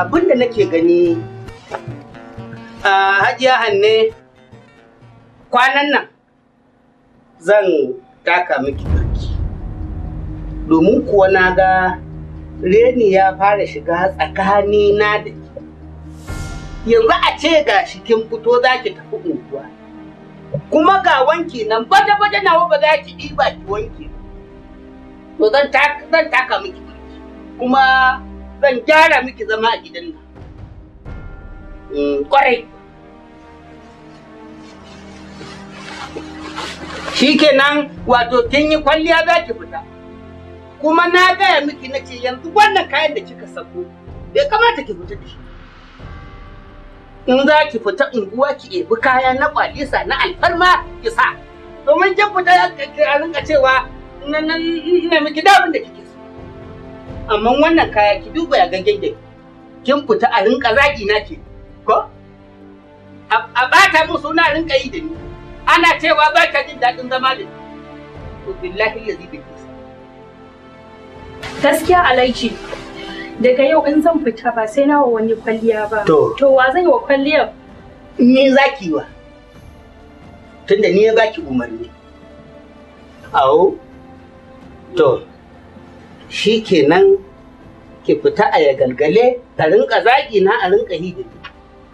abin da nake gani a ah, hajiya hanne kwanan nan zan taka miki birki domin kuwa na ga reni ya fara shiga tsakani na da yanzu a ce ga shi kin fito za ki tafi unguwa kuma ga wanki nan bada bada nawa ba za ki ɗiba ki wanki to zan taka miki birki kuma zan gyara miki zama a gidan nan kwarai shikenan wato kin yi kwalliya za ki fita kuma na gaya miki na ce yanzu wannan kayan da kika sako bai kamata ki fita da shi in za ki fita unguwa ki ebi kaya na kwalisa na alfarma ki sa domin kin fita a rinka cewa na miki damin da kike amma wannan kaya ki duba ya gangen da kin fita a rinka zagi na ke ko a bata mun suna rinka yi da ni ana cewa ba ta jin daɗin zama da ni to billahi lazi bi gaskiya alaici daga yau in zan fita ba sai na wa wani kwalliya ba to wa zai wa kwalliyar ni zaki wa tunda ni ya baki umarni awo to shi kenan ki fita a ya galgale a rinka zaƙi na a rinka hidin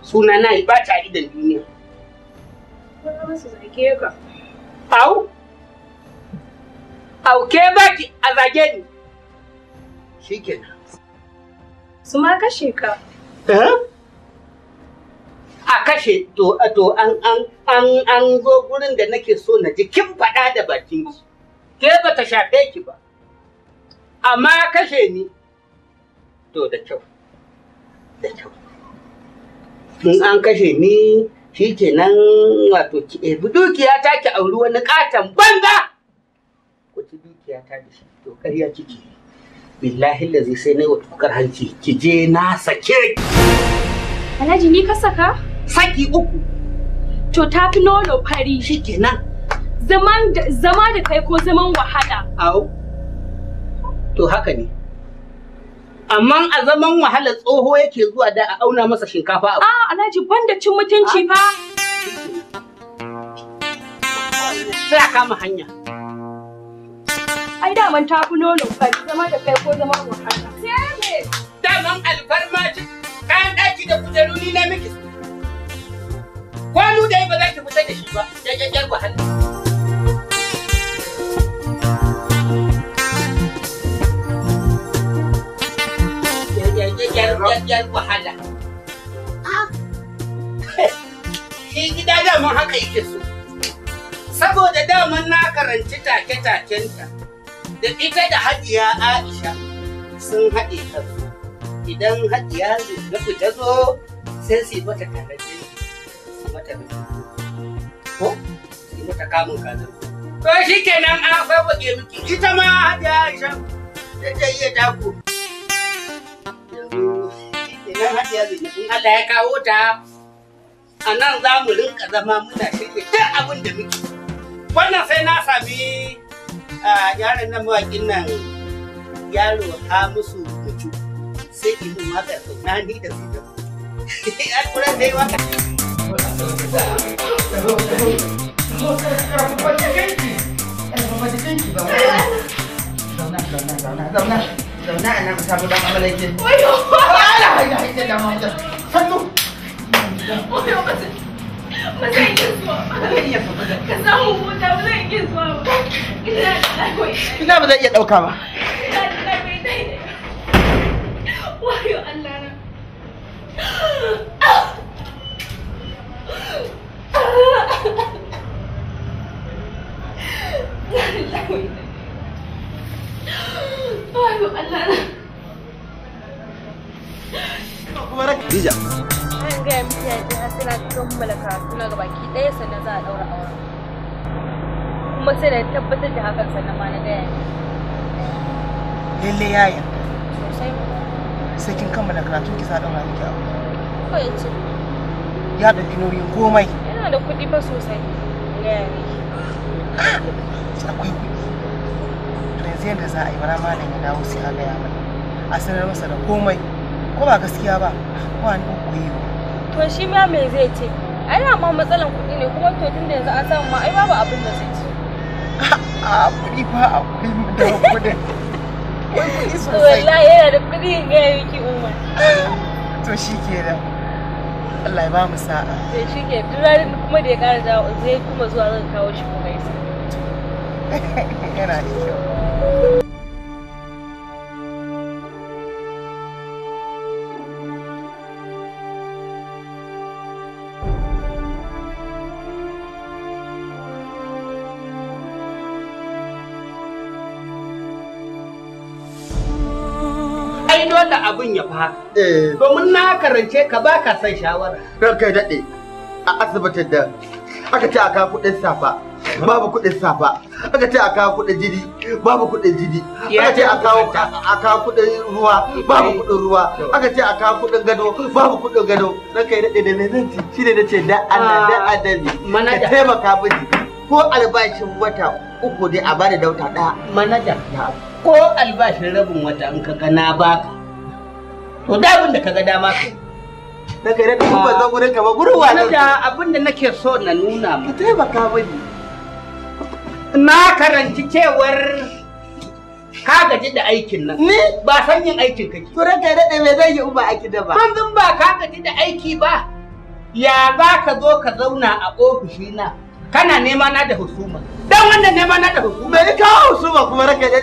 suna na yi bata idan duniya au au ke baki a zage ni shi kenan su ma kashe ka eh? a kashe to to an an an an zo gurin da nake so na ji kin faɗa da bakin ki ke bata shafe ki ba amma ya kashe ni to da kyau da kyau in eh. an kashe ni shikenan wato ki ebi dukiya ta ki auri wani katon banza ku ci dukiya ta da shi to ƙarya kike billahi lazi sai na wa tukar hanci ki je na sake Alhaji ni ka saka? Saki uku. To ta fi nono fari. Shikenan. Zaman zama da kai ko zaman wahala. Au. to haka ne amma a zaman wahala tsoho yake zuwa da a auna masa shinkafa a A'a, ah, alhaji banda cin mutunci fa sai kama hanya ai daman ta fi nono ka zama da kai ko zama wahala sai me daman alfarma ce kayan daki da kujeru ni na miki kwanu dai ba za ki fita da shi ba ya kyakkyar wahala gaggiyar wahala. Shi gida daman haka yake so. Saboda daman na karanci take-takenta da ita da hajiya Aisha sun haɗe kansu. Idan hajiya zai ta zo sai su yi mata tare su mata Ko? Su yi mata kamun kazan. To shi kenan a babu ke miki ita ma hajiya Aisha ta iya tako. nan hajiya zainabu in Allah ya kawo ta a nan za mu rinka zama muna shirya duk abin da muke wannan sai na sami yaron nan mawaƙin nan yaro ha musu mutu sai k'i mu ka na ni da su da kura waka Zauna, zauna, zauna, zauna, zauna a nan samu dan amalakin. Wayo! da ba iya ɗauka ba lalle yi sai kin kammala karatu ki sa daura miki abu ya ɗauki nauyin komai yana da kuɗi fa sosai gaya miki ah! akwai kuɗi to yanzu yadda za a yi bara malam ya dawo sai a gaya mai a sanar masa da komai ko ba gaskiya ba ba ni koyi yi to shi ma me zai ce ai ma matsalan kuɗi ne kuma to tunda yanzu an samu ma ai babu abin da zai ce a kuɗi fa akwai mu da kuɗin akwai kuɗi sosai wallahi yana da kuɗi in gaya miki umar to shi ke da Allah ya ba mu sa'a to shi ke duk ranar kuma da ya ƙara dawo zai kuma zuwa zan kawo shi kuma gaisa yana da kyau da abin ya fa eh. domin na karance ka ba ka san shawara Kai daɗe a asibitin da aka ce a kawo kuɗin safa babu kuɗin safa aka ce a kawo kuɗin jini babu kuɗin jini aka ce a kawo a kuɗin ruwa babu eh. kuɗin ruwa aka ce a kawo kuɗin gado babu kuɗin gado Na kai daɗe da nananci shi ne na ce da Allah da adami ah, ka taimaka mini ko albashin wata uku dai a bada dauta ɗaya manaja ko albashin rabin wata in ka ga na baka to da abin da ga dama ka na kai da kuma zo gurin ka ba gurin wa da abin da nake so na nuna ma ka taimaka bani na karanci cewar ka gaji da aikin nan ni ba san yin aikin kake to ranka da me zai yi uba aiki da ba ban ba ka gaji da aiki ba ya za ka zo ka zauna a ofishina kana nema na da husuma dan wannan nema na da husuma me ka husuma kuma ranka da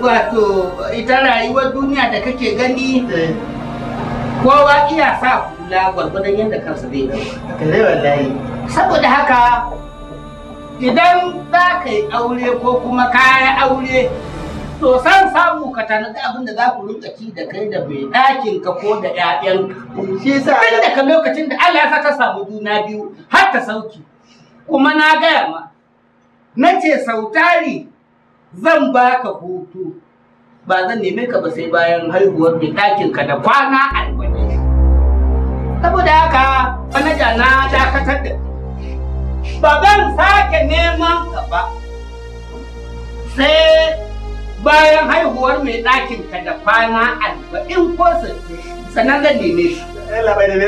wato ita rayuwar duniya da kake gani eh. kowa iya sa hula gwargwadon yadda kansa zai dauka. Saboda haka idan za ka yi aure ko kuma kaya aure to san samu ka tanadi abin da za ku rinka ci da kai da mai ɗakin ka ko da ƴaƴan. Shi sa tun daga lokacin da Allah ya ta samu juna biyu har ta sauki. Kuma na gaya ma na ce sautari zan baka hutu ba zan neme ka ba sai bayan haihuwar mai ɗakin ka da kwana arba'in saboda haka manaja na dakatar da ba zan sake neman ka ba sai bayan haihuwar mai ɗakin ka da kwana arba'in ko sannan zan neme shi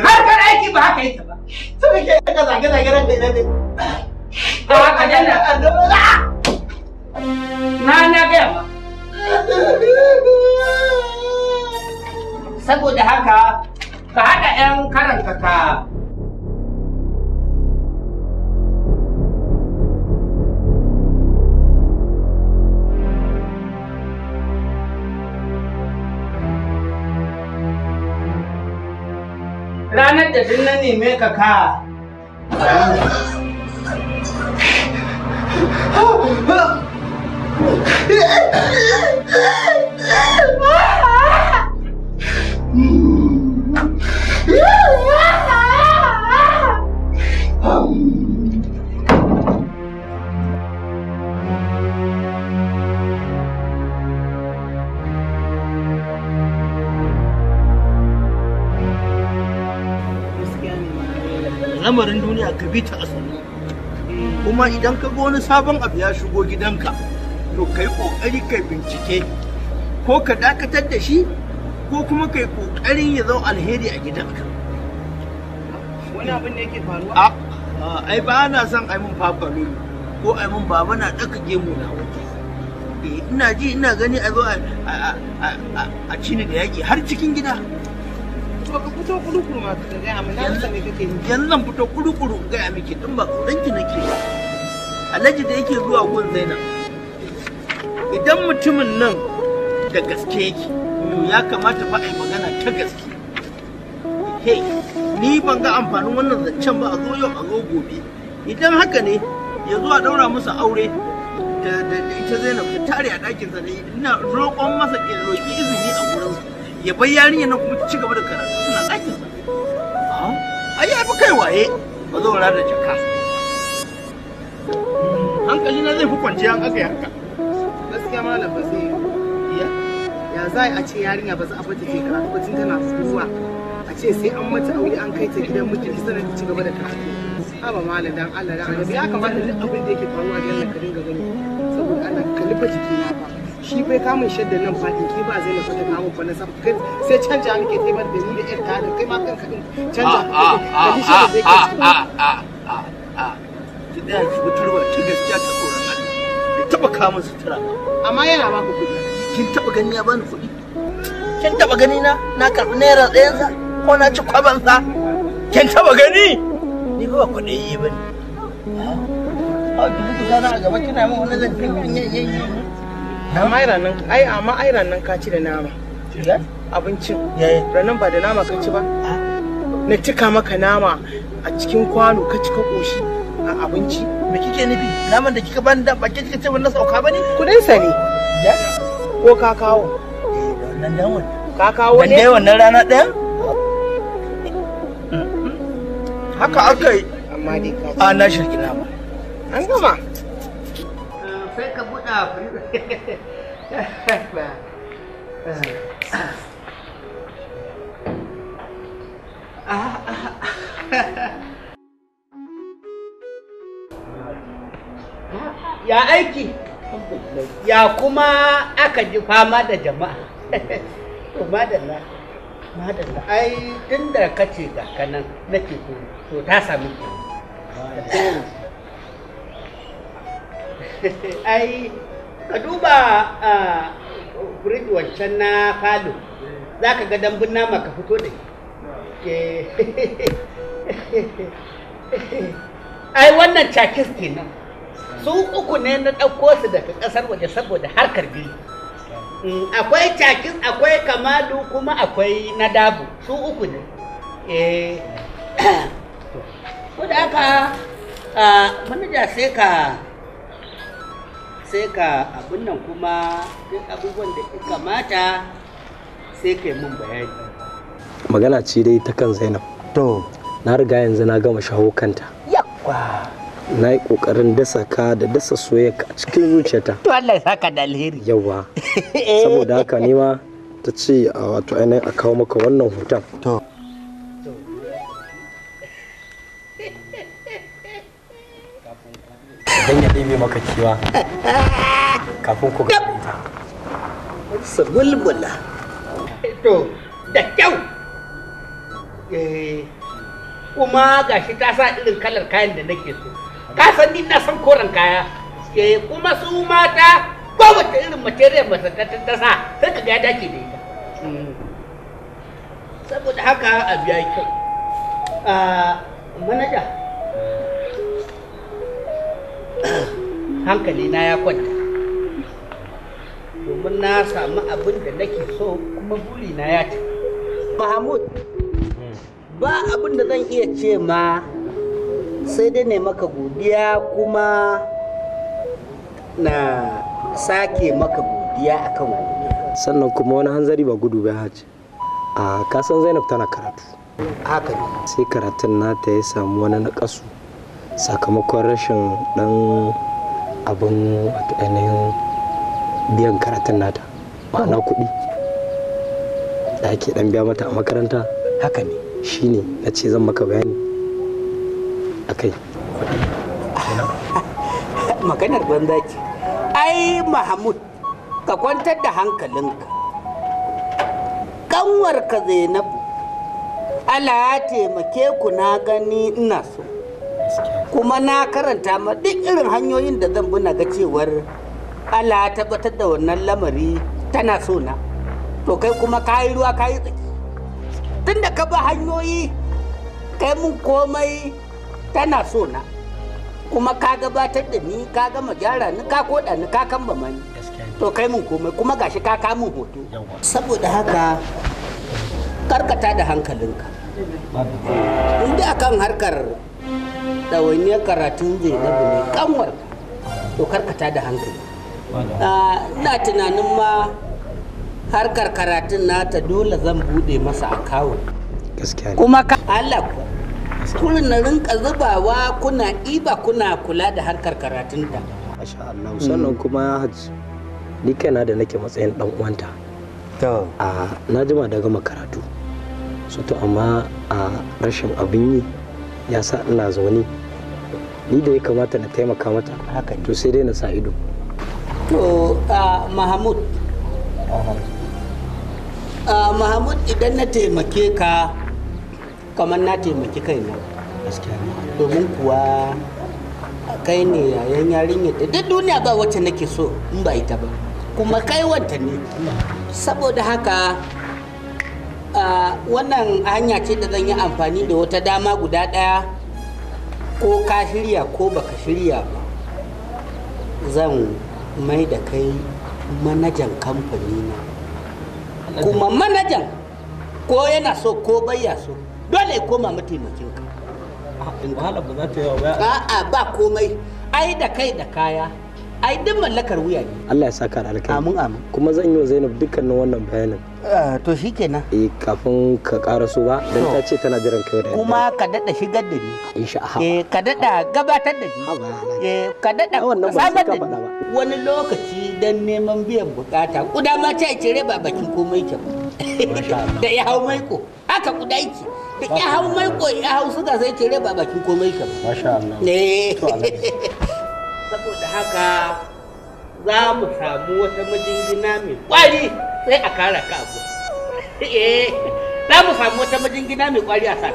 har ka aiki ba haka yake ba suka ke ka zage-zage ran da ne ne a haka jana Na na gaya Saboda haka ka haɗa 'yan karanka ka ranar da duk na neme ka ka ah. lamarin duniya ka bi ta asali kuma idan ka ga wani sabon abu ya shigo gidanka to kai kokari kai bincike ko ka dakatar da shi ko kuma kai kokarin ya zo alheri a gidanka wani abin da yake faruwa ai ba na son ai mun fafalo ko ai mun baba na daka gemu na waje eh, ina ji ina gani a zo a cini da yaki har cikin gida baka fito kurukuru ma ka gaya amma na san kake yi yanzu zan fito kurukuru gaya miki din ba ranki nake alhaji da yake zuwa gun zainab idan mutumin nan da gaske yake ya kamata fa a yi magana ta gaske hey ni ban ga amfanin wannan zancen ba a zo yau a zo gobe idan haka ne ya zo a daura musu aure da ita zainab ta tare a dakin sa ina roƙon masa ke roƙi izini a gurin ya bar yarinya nan kuma ci gaba da karatu suna dakin sa ai ya fi kai waye ba zo da jaka hmm, hankali na zai fi kwanciya an aka yi haka gaskiya malam ba zai ya za a ce yarinya ba za a bata karatu ba tun tana zuwa a ce sai an mata aure an kai ta gidan miji sanar ta ci gaba da karatu malam dan Allah dan Allah ya kamata duk abin da yake faruwa da Allah dinga gani saboda Allah ka jiki na shi bai kamun shaddan nan fadin ki ba zai na fata kamun sai canja taimar da ni da kai ma canja a a a a a taba kamun sutura amma yana ba ku kuɗi kin taba gani ya bani kuɗi kin taba gani na na karɓi naira ɗayan sa ko na ci kwaban sa kin taba gani ni ba kuɗi yi bane a dubu dubu na a gaba kina min wani zancen yanyanyanyi amma ai ranan ai amma ai ranan ka ci da nama abincin ranan ba da nama ka ci ba na cika maka nama a cikin kwano ka ci ka koshi a abinci me kike nufi naman da kika bani da ba ke kika ce wannan sauka bane kudin sa sani. ya ko ka kawo wannan dan wannan ka kawo ne dan wannan rana ɗaya haka aka yi amma dai ka a na shirki nama an gama sai ka buɗa Ah, ah, ah. ya aiki ya kuma aka ji fama da jama'a to madalla madalla ai tun da ka ce ga kanan nake ko to ta sami ke ai ka duba bridge wancan na falo za ka ga dambun nama ka fito da ke ai wannan cakis kenan su uku ne na ɗauko su daga ƙasar waje saboda harkar biyu mm, akwai cakis akwai kamadu kuma akwai nadabu su uku ne eh da haka manaja sai ka sai ka abin nan kuma duk abubuwan da ya kamata sai ka yi mun bayani magana ce dai ta kan zainab to na riga yanzu na gama shahokanta kanta yakwa na yi kokarin dasa ka da dasa soyayya a cikin zuciyarta to Allah ya saka da alheri yawa saboda haka nima ma ta ce a wato ainihin a kawo maka wannan hoton to dan ya ɗebe maka kiwa kafin ku ga ita bulbula to da kyau eh, kuma gashi ta sa irin kalar kayan da nake so ka san ni na san koren kaya eh, kuma su mata wata irin material ba ta sa sai ka ga dake da ita hmm. saboda haka a biya kyau ah manaja hankali na ya kwanta domin na samu abin da nake so kuma buri na ya ta mahmud hmm. ba abin da zan iya ce ma sai dai ne maka godiya kuma na sake maka godiya a kan sannan kuma wani hanzari ba gudu bai hajji a kasan zainab tana karatu haka ne sai karatun nata ya samu wani nakasu sakamakon rashin dan abin ainihin biyan karatun nata ma'ana kuɗi da ake dan biya mata a makaranta haka ne shine na ce zan maka bayani maganar banza ce ai mahmud ka kwantar da hankalinka kanwarka zainab Allah ya taimake ku na gani ina so kuma na karanta ma duk irin hanyoyin da zan buna ga cewar Allah ya tabbatar da wannan lamari tana so na to kai kuma ka ruwa ka tsaki tunda ka ba hanyoyi kai mun komai tana so na kuma ka gabatar da ni ka gama gyara ni ka koda ni ka kamba mani to kai mun komai kuma gashi ka ka mun hoto saboda haka karkata da hankalinka inda akan harkar ɗawainiyar karatun zainabu ne kanwarka to karkata da hankali ah, na tunanin ma harkar karatun nata dole zan bude masa akawun kuma ka Allah kuna na rinka zubawa kuna iba kuna kula da harkar karatunta masha Allah sannan kuma hajji ni kaina da nake matsayin dan uwanta to a na jima da gama karatu su to amma a rashin abin yi ya sa ina zaune ni da ya kamata na taimaka mata haka to sai dai na sa ido to mahamud mahamud idan na taimake ka kamar na taimaki kaina domin kuwa kai ne yayan yarinya da duk duniya ba wacce nake so in ba ita ba kuma kai wanta ne saboda haka wannan hanya ce da zan yi amfani da wata dama guda ɗaya ko ka shirya ko baka shirya ba zan mai da kai manajan kamfani na kuma manajan ko yana so ko bayya so dole koma mataimakin ka wahala ba za ta ba a'a ba komai ai da kai da kaya ai duk mallakar wuya ne Allah ya saka alkai amin amin kuma zan yi wa Zainab dukkanin wannan bayanin eh, to shikenan eh kafin ka karaso so ba dan ta ce tana jiran kai da kuma ka dada shigar da ni insha Allah eh ka dada gabatar da ni eh ka dada sabar da ni wani lokaci dan neman biyan bukata kuda ma ta cire ba bakin komai kyau da ya hau maiko haka guda yake da ya hau mai koyi ya hau suga sai ce raba bakin komai ka masha Allah ne saboda haka za mu samu wata majingina mai kwari sai a kara ka abu eh za mu samu wata majingina mai kwari a saka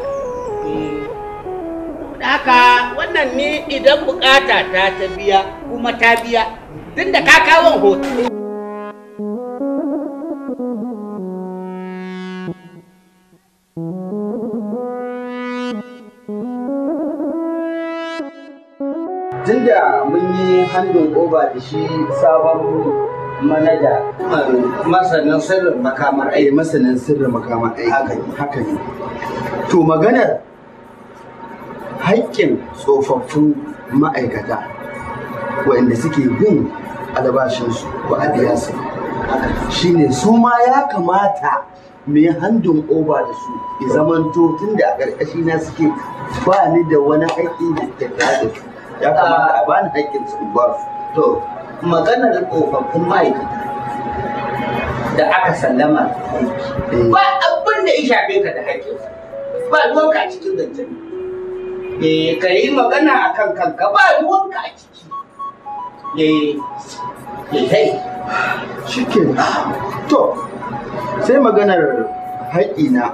da haka wannan ni idan bukata ta ta biya kuma ta biya tun da ka kawo hoto tunda mun yi handin oba da shi sabon manaja masanin sirrin makamar aiki eh, masanin sirrin makamar aiki haka ne to maganar haƙƙin tsofaffin ma'aikata wanda suke bin albashinsu ko a shine su ma ya kamata mai handun oba da su ya zamanto tun da a ƙarƙashina suke ba ni da wani haƙƙi da ta da su ya kamata a bani haƙƙin su to maganar tsofaffin ma'aikata da aka sallama eh. ba abin da ya shafe ka da haƙƙin ba ruwanka a cikin zancen eh ka yi magana a kan kanka ba ruwanka a ciki eh eh shi ke to sai maganar haƙƙina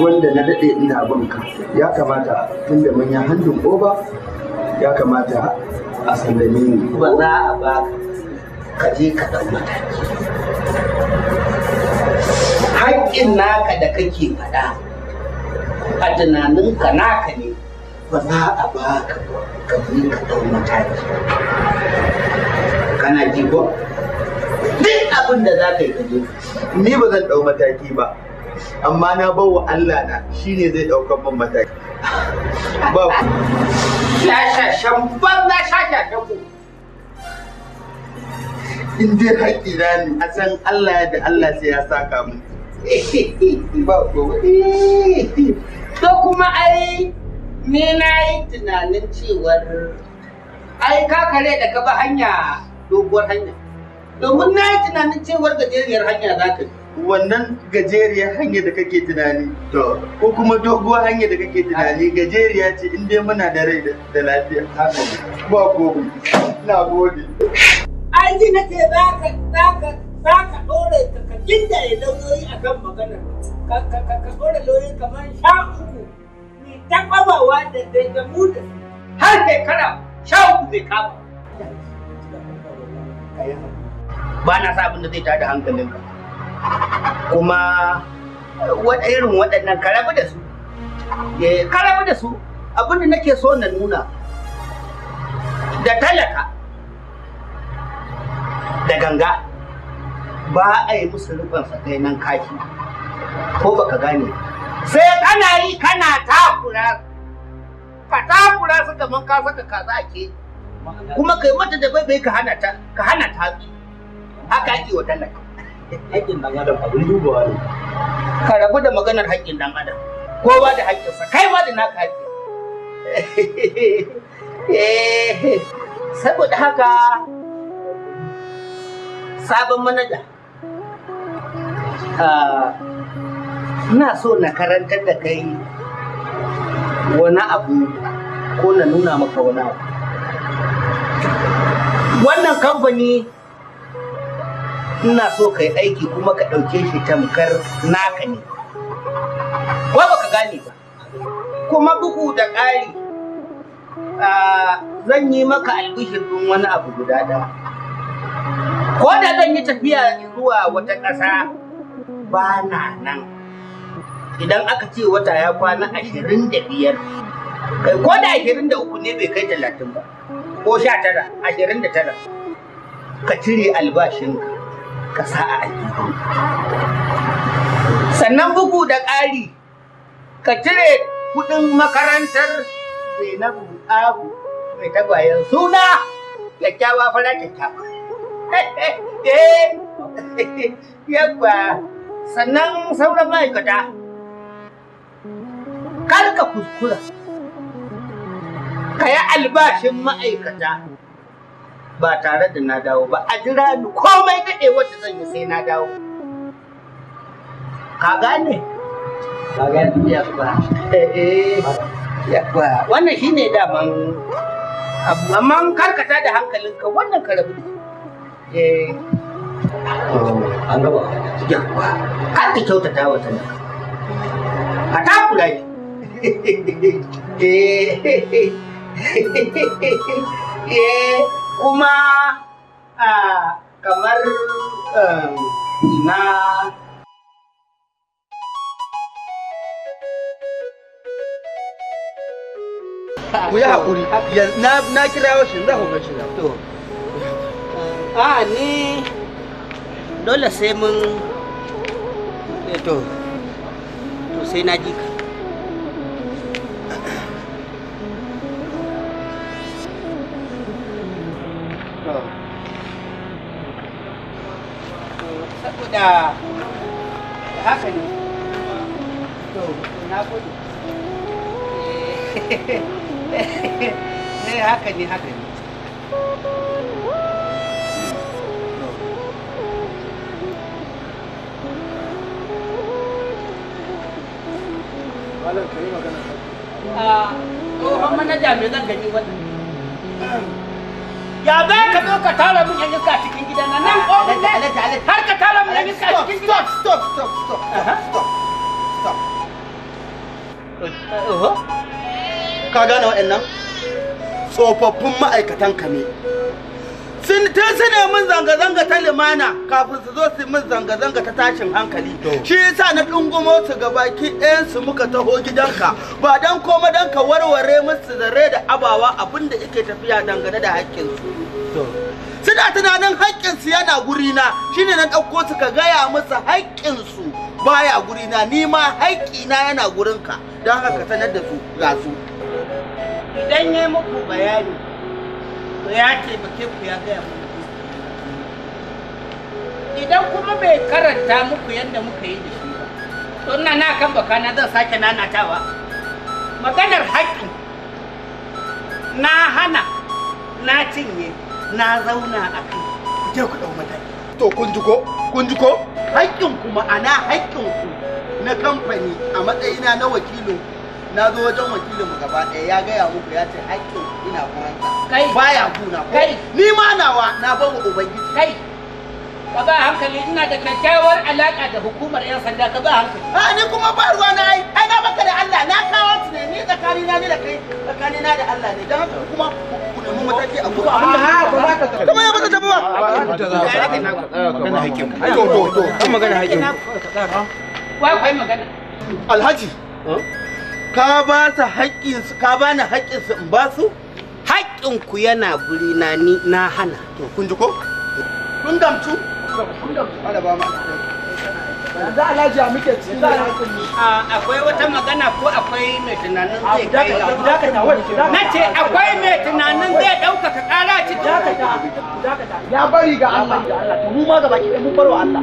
wanda na daɗe ina bin ka ya kamata tun da manyan yi ko ba ya kamata a sallame ni Ba za a ba ka je ka ɗan mataki haƙƙin naka da kake faɗa a tunaninka naka ne ba za a ba ka ka je ka ɗau mataki kana ji ko duk abin da za ka yi ka ni ba zan ɗau mataki ba amma na bawa Allah na shine zai ɗaukar min mataki ba ku shashashan ban na da ku in dai haƙi na ne a san Allah ya da Allah sai ya saka mu ba ku to kuma ai ni na yi tunanin cewar ai ka kare da ka ba hanya doguwar hanya domin na yi tunanin cewar gajeriyar hanya za ka bi wannan gajeriyar hanyar da kake tunani ko kuma doguwar hanyar da kake tunani gajeriya ce in dai muna da rai da lafiya ba gobe na gode an ji na ce za ka za ka za ka ɗore ka ka ginda ya lauyoyi a kan magana. ka ka ka ka ɗore lauyoyi kamar sha uku ni ta kwabawa da da da mu da har shekara sha uku zai kama ba na sa abin da zai tada hankalinka kuma irin waɗannan karabu da su eh, karabu da su abinda nake so na nuna da talaka da ganga ba a yi musu rufin nan kaki ko baka gane sai kana yi kana takura ka takura su kamar ka saka kaza ke kuma kai mata da bai ka hana ta ka hana ta haka ake wa talaka haƙƙin ɗan adam abin dubawa ne ka rabu da maganar haƙƙin ɗan adam kowa da haƙƙinsa kai ma da naka haƙƙin eh, saboda haka sabon manaja ah, ina so na karantar da kai wani abu ko na nuna maka wani abu wannan kamfani ina so ka yi aiki kuma ka ɗauke shi tamkar naka ne ko baka gane ba kuma bugu da ƙari zan yi maka albishir din wani abu guda ɗaya ko da zan yi tafiya zuwa wata ƙasa ba na nan idan aka ce wata ya kwana ashirin da biyar kai ko da ashirin da uku ne bai kai talatin ba ko sha tara ashirin da tara ka cire albashinka ka sa a aƙidu sannan bugu da ƙari ka cire kuɗin makarantar zainabu abu mai tagwayen suna kyakkyawa fara kyakkyawa eh, yabba sannan sauran ma'aikata kar ka kuskura ka yi albashin ma'aikata ba tare da na dawo ba a jira ni komai daɗe wanda zan yi sai na dawo ka gane ka gane kwa. eh kwa. wannan shine daman amma karkata da hankalinka wannan ka rabu eh oh, an gaba yakwa kar ka kyautata wa tana ka takura ni eh eh kuma kamar um, na ku yi haƙuri na kira shi za ku ga shi to a ni dole sai mun eh, to to sai na jika da haka ne to na gode ne eh, haka ne haka ne ya za ka zo ka tara mu yan iska cikin gidan nan nan ofin ne har ka tara mu yan iska cikin gidan stop stop stop stop stop stop ka gane wa'annan tsofaffin ma'aikatan ka ne sun tun suna min zanga-zanga ta limana kafin su zo su min zanga-zanga ta tashin hankali shi yasa na dungumo su ga baki ɗayan su muka taho gidanka ba dan koma dan ka warware musu zare da abawa abinda yake tafiya dangane da Su suna tunanin su yana gurina shine na ɗauko su ka gaya musu su baya gurina ni ma na yana gurinka don haka sanar da su ga su idan ya muku bayani to ya taimake ku ya gaya muku idan kuma bai karanta muku yadda muka yi da shi ba to ina na kan baka na zan sake nanatawa maganar haƙƙi na hana na cinye na zauna a kai ku je ku ɗau mataki to kun ji ko kun ji ko haƙƙin kuma ana haƙƙin ku na kamfani a matsayina na wakilin ku na zo wajen wakilinmu gaba ɗaya ya gaya muku ya ce haƙƙin ina kuranta kai baya guna kai ni ma nawa na ba wa ubangiji kai ka ba hankali ina da kyakkyawar alaƙa da hukumar 'yan sanda ka ba hankali a ni kuma ba ruwa na ai ai na baka da Allah na kawo tunani tsakani na ni da kai tsakani na da Allah ne dan haka kuma alhaji ka ba su haƙƙinsu ka ba ni su in ba su ku yana guri na ni na hana to kun ji ko kun gamtu kun gamtu ala ba ma yanzu alhaji a muke cikin da akwai wata magana ko akwai mai tunanin zai kai ga ku ta na ce akwai mai tunanin zai dauka ka kara ɗaukaka ƙara ta ya bari ga Allah mu ma gaba ki mu barwa Allah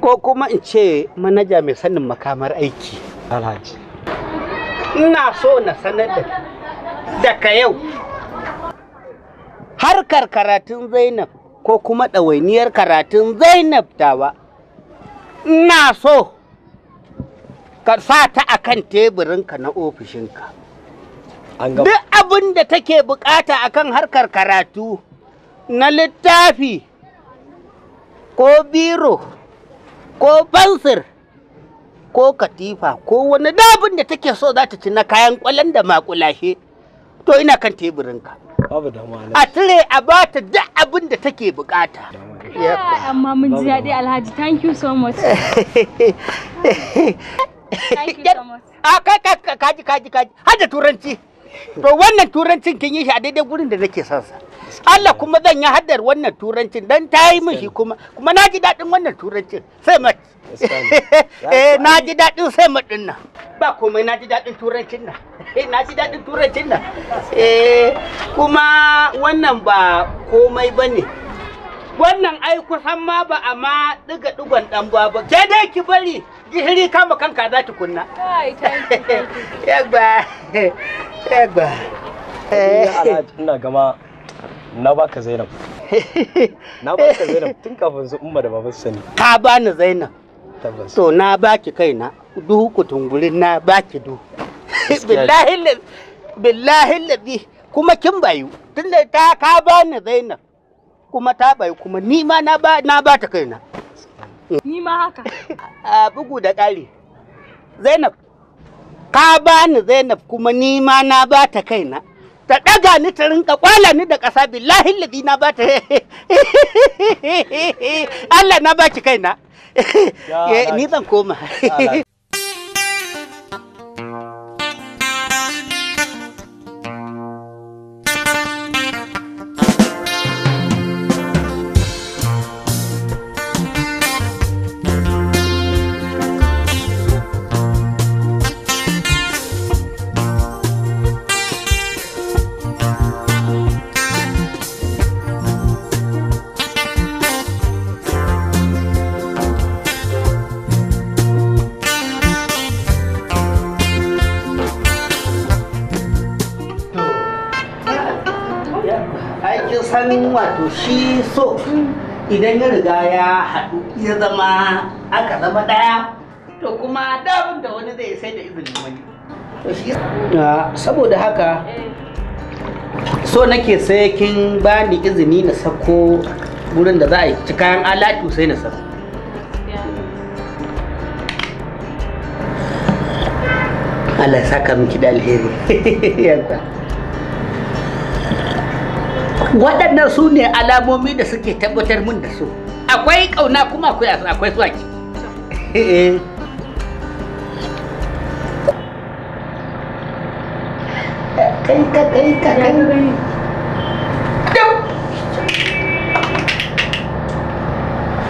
ko kuma in ce manaja mai sanin makamar aiki alhaji ina so na sanar da daga yau harkar karatun zainab ko kuma ɗawainiyar karatun zainab dawa, ina so ka sa ta a kan teburinka na ofishinka duk abin da take bukata akan harkar karatu na littafi ko biro ko bansir ko katifa ko wani dabin da take so za ta ci na kayan kwalan da makulashe to ina kan teburinka a tire a ta duk abin da take bukata amma mun ji daɗi alhaji thank you so much thank you so much ah, kaji kaji kaji hada turanci to wannan turancin kin yi shi a daidai gurin da nake son sa Allah kuma zan yi haddar wannan turancin dan ta yi mishi kuma kuma na ji daɗin wannan turancin sai mat eh na ji daɗin sai ma din nan ba komai na ji daɗin turancin nan eh na ji daɗin turancin nan eh kuma wannan ba komai bane wannan ai kusan ma ba a ma diga digon dan ba ba ke dai ki bari jihiri kama kanka za ta kunna yagba yagba eh ina gama na baka zainab na baka zainab tun kafin su umma da baban sani ka bani zainab tabbas to na baki kaina duhu tunguri na baki du billahi billahi ladi kuma kin bayu da ta ka bani zainab kuma ta bayu kuma ni ma na ba na ba ta kaina mm. ni ma haka a bugu da ƙari zainab ka bani zainab kuma ni ma na ba ta kaina ta ɗaga ni ta rinka kwala ni da ƙasa billahi ladi na ba ta Allah na baki kaina eh, ni zan koma shi so idan ya riga ya haɗu ya zama aka zama ɗaya to kuma damun da wani zai sai da izinin wani saboda haka so nake sai kin bani izini na sako wurin da za a ci kayan alatu sai na sako Allah ya saka miki da alheri yanka waɗannan su ne alamomi da suke tabbatar mun da su akwai ƙauna kuma akwai swaki kai ka kai ka kai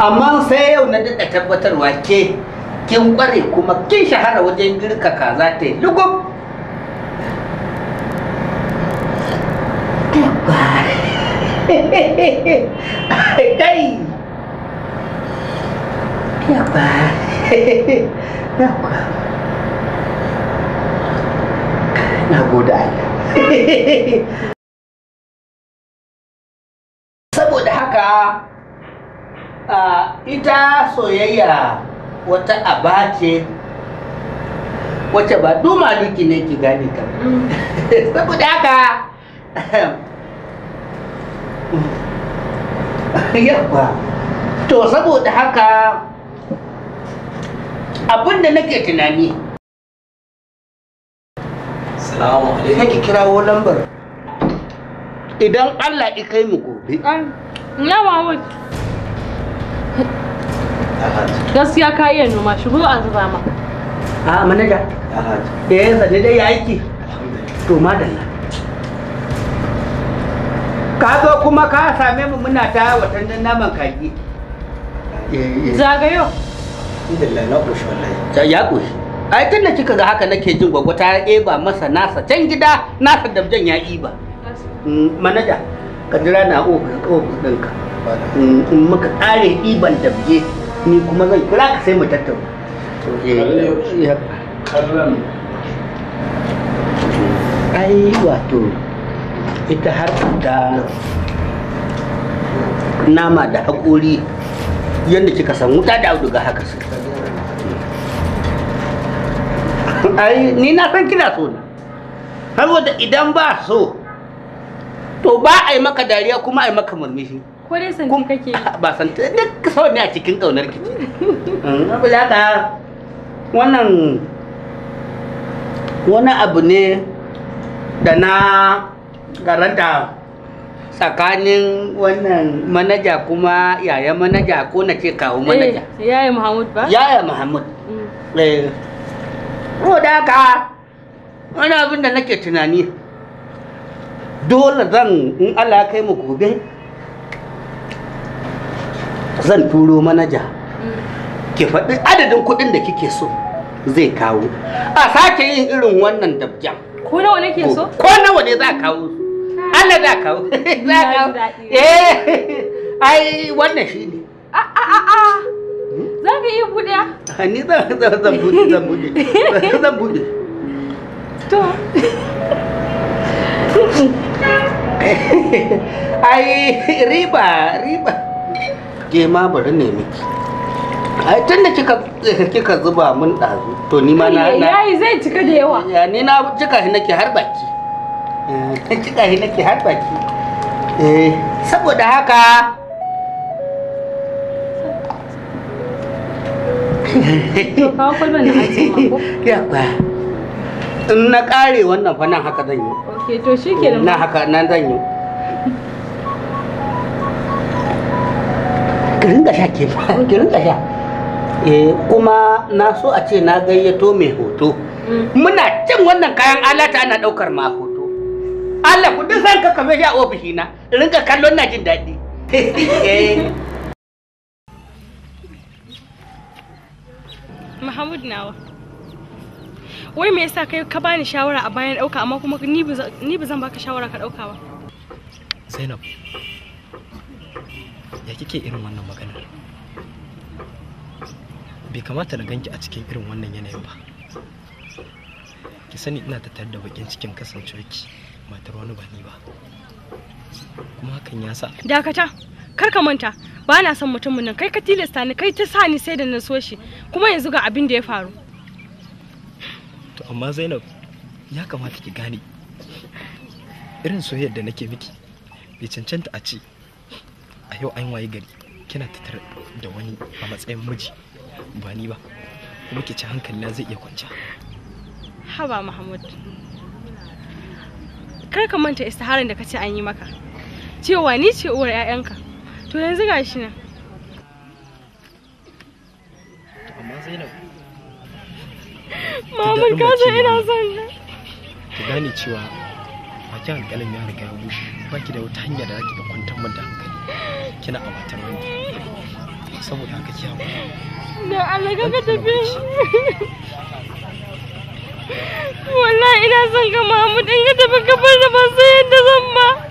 amma sai yau na daɗa tabbatarwa ke kin ƙware kuma kin shahara wajen girka kaza ta yi lugub kai yaba yaba na gode Allah saboda haka ah, ita soyayya wata aba ce wacce ba duma duki ne ki gane ta saboda mm. haka yawa to saboda haka abinda nake tunani salamu alaikum kira kirawo lambar idan Allah ya kai mu gobe yawa wai gaskiya ka iya noma shigo a zuba ma a manaja eh zane dai ya aiki to madalla ka zo kuma ka same mu muna ta watannin naman kaki eh, eh. zagayo ya ƙoshi ai tun da kika ga haka nake jin gwagwa ta eba masa nasa can gida nasa dabjan ya iba mm, manaja ka jira na ofis ɗinka mm, in muka ƙare iban dabje ni kuma zan kira ka sai mu tattauna eh, ai wato ita har da nama da haƙori yadda kika san wuta da auduga haka su ai ni na san kina so ne saboda idan ba so to ba a yi maka dariya kuma a yi maka murmushi ko dai san kake ba san duk so ne a cikin kaunar ki ce hmm, saboda wannan wani abu ne da na garanta tsakanin wannan manaja kuma yaya manaja ko na ce kawo manaja eh, yaya muhammad ba yaya muhammad mm. eh ko da ka wani abin da nake tunani dole zan in allah kai mu gobe zan turo manaja mm. ke faɗi adadin kuɗin da kike so zai kawo a sake yin irin wannan dabjan ko nawa nake so ko nawa ne za kawo Allah za ka za ka eh ai wannan shi ne a ah, ah, ah, hmm? za ka iya buɗe ni ka zan buɗe zan buɗe zan buɗe to ai riba riba ke ma bari ne miki ai tun da kika kika zuba mun ɗazu to ni ma na yayi zai cika da yawa ya ni na cika shi nake har baki ta eh, eh, na kare wannan fa haka zan yi haka nan zan yi eh, kuma na so a ce na gayyato mai hoto mm. muna cin wannan kayan alata ana ɗaukar mako. Allah ku duk san ka kamar ya ofishi na rinka kallo na jin daɗi Mahmud nawa wai me yasa kai ka bani shawara a bayan ɗauka amma kuma ni ba zan baka shawara ka ɗauka ba Zainab ya kike irin wannan maganar bai kamata na ganki a cikin irin wannan yanayin ba ki sani ina tattar da bakin cikin kasancewarki matar wani ba ni ba kuma hakan ya sa dakata kar ka manta ba na son mutumin nan kai ka tilasta ni kai ta sa ni sai da na so shi kuma yanzu ga abin da ya faru to amma zainab ya kamata ki gane irin soyayyar da nake miki bai cancanta a ce a yau an waye gari kina tattare da wani a matsayin miji ba ni ba kuma ki ci hankali na zai iya kwanciya haba muhammad kar ka manta istiharin da ka ce an yi maka cewa ni ce uwar 'ya'yanka to yanzu gashi nan amma zainab mamun kasa ina son nan ki gane cewa bakin hankalin ya riga ya bushe baki da wata hanya da zaki da kwantar man da hankali kina a matar wani saboda haka ki na da Allah ka tafi wallahi ina son ga Mahmud in ga tafi kafar da ban san yadda zan ba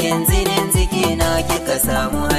kin zinin ciki na kika samu